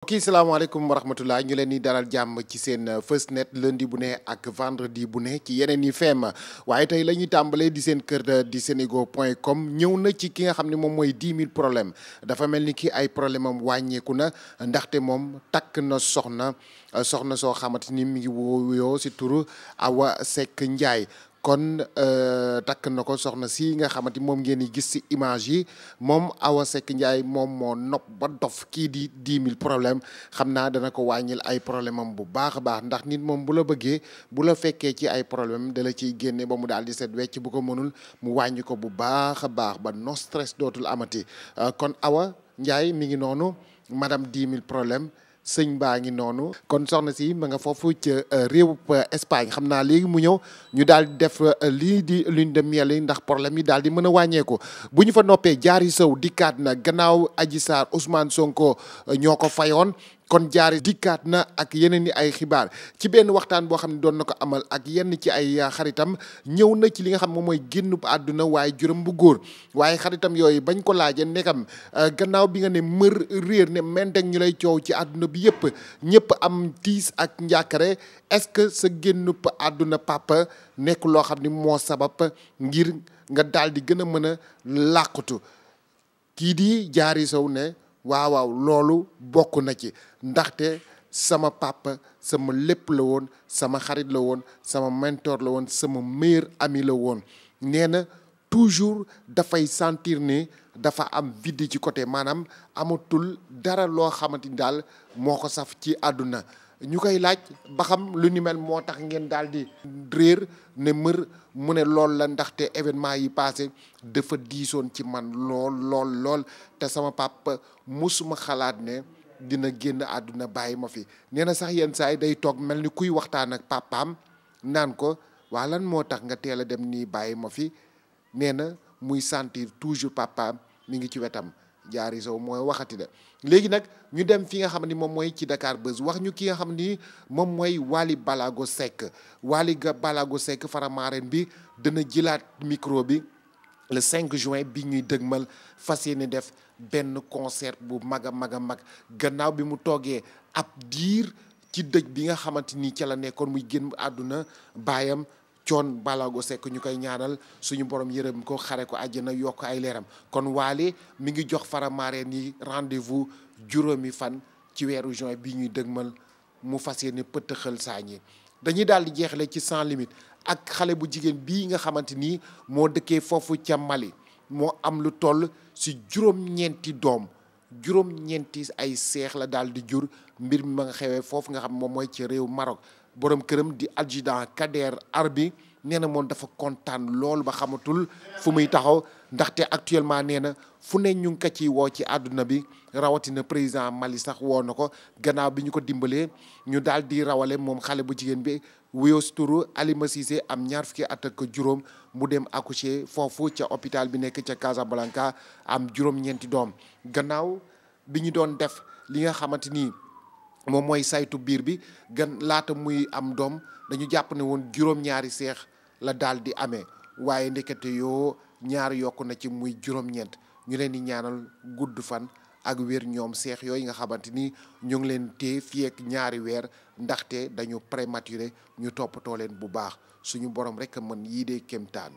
kii salaamaaleykum wa rahmatulah ñu leen di dalal jàmm ci seen euh, Feus Net lundi bu ne ak vendredi bu ne ci yeneen yi feem waaye tey la ñuy tàmbalee di seen kër euh, di senego point comme ñëw na ci ki nga xam ne moom mooy 10 000 problèmes dafa mel ni ki ay problème am wàññeeku na ndaxte moom takk na soxna euh, soxna soo xamante ni mi ngi wooyoo si turu Awa Seck njaay kon euh, takk na ko soxna si nga xamante moom ngeen di gis si image yi moom Awa Seck Ndiaye moom moo nopp ba dof kii di dix mille problème xam naa dana ko wàññil ay problème am bu baax a baax ndax nit moom bu la bëggee bu la fekkee ci ay problème dala ciy génne ba mu daal di set wecc bu ko mënul mu wàññi ko bu baax a baax ba no stress dootul amati euh, kon Awa Ndiaye mi ngi noonu madame dix mille problème sëñ baa ngi noonu kon soxna si ma nga foofu ca euh, réew Espagne xam naa léegi mu ñëw ñu daal di def euh, lii di lune de miel yi ndax problème yi daal di mën a wàññeeku bu ñu fa noppee jaari sow dikkaat na gannaaw aji Sarr Ousmane Sonko euh, ñoo ko fayoon kon jaari dikkaat na ak yeneen yi ay xibaar ci benn waxtaan boo xam ne doon na ko amal ak yenn ci ay xaritam ñëw na ci li nga xam moom mooy génnub àdduna waaye juróom bu góor waaye xaritam yooyu bañ ko laajee nekkam euh, gannaaw bi nga ne mër réer ne menteg ñu lay coow ci àdduna bi yëpp ñëpp am tiis ak njàkkare est-ce que sa génnub àdduna papa nekk loo xam ni moo sabab ngir nga daal di gën a mën a làqutu kii di jaari sow ne waaw loolu bokk na ci ndaxte sama papa sama lépp la woon sama xarit la woon sama mentor la woon sama meilleur ami la woon nee na toujours dafay sentir ni dafa am vide ci côté maanaam amatul dara loo xamante ni daal moo ko saf ci àdduna ñu koy laaj ba xam lu ni mel moo tax ngeen daal di réer ne mër mu ne lool la ndaxte événement yi passé dafa diisoon ci man lool lool te sama mu suma xalaat ne dina génn àdduna bàyyi ma fi nee sax yenn saa yi day toog mel ni kuy waxtaan ak papaam naan ko waa lan moo tax nga teel a dem nii bàyyi ma fi nee na muy sentir toujours papaam mi ngi ci wetam jaari sow mooy waxati da léegi nag ñu dem fi nga xam ni moom mooy ci Dakar Buzz wax ñu ki nga xam ni moom mooy Wally Balago Seck Wally Balago Seck Faramareen bi dana jilaat micro bi le 5 juin bi ñuy dëgmal fas yéene def benn concert bu mag a mag a mag gannaaw bi mu toogee ab diir ci dëj bi nga xamante ni ca la nekkoon muy gën àdduna baayam coon balago sekk ñu koy ñaaral suñu borom yërëm ko xare ko àjjana yokk ay leeram kon waale mi ngi jox Faramareen yi rendez-vous juróomi fan ci weeru juin bi ñuy dëgmal mu fas yéene pëtëxal saa ñi dañuy daal di jeexle ci cent limite ak xale bu jigéen bii nga xamante ni moo dëkkee foofu ca Mali moo am lu toll si juróom-ñeenti doom juróom ñeenti ay seex la daal di jur mbir mi ma nga xewee foofu nga xam moom mooy ci réew Maroc borom këram di adjudant Kader Arbi nee na moom dafa kontaan loolu ba xamatul fu muy taxaw ndaxte actuellement nee na fu ne ñu ngi ko ciy woo ci àdduna bi rawatina président Mali sax woo na ko gannaaw bi ñu ko dimbalee ñu daal di rawale moom xale bu jigéen bi wuyoo turu Alima Cissé am ñaar fukki at juróom mu dem accoucher foofu ca hôpital bi nekk ca Casablanca am juróom doom gannaaw bi ñu doon def li nga xamante ni. moom mooy saytu biir bi gën laata muy am doom dañu jàpp ne woon juróom-ñaari seex la daal di amee waaye ndekete yoo ñaar yokk na ci muy juróom-ñeent ñu leen di ñaanal gudd fan ak wér ñoom seex yooyu nga xamante ni ñu ngi leen tee fii ñaari weer ndaxte dañu prématuré ñu toppatoo leen bu baax suñu borom rek mën yii dee kéemtaan.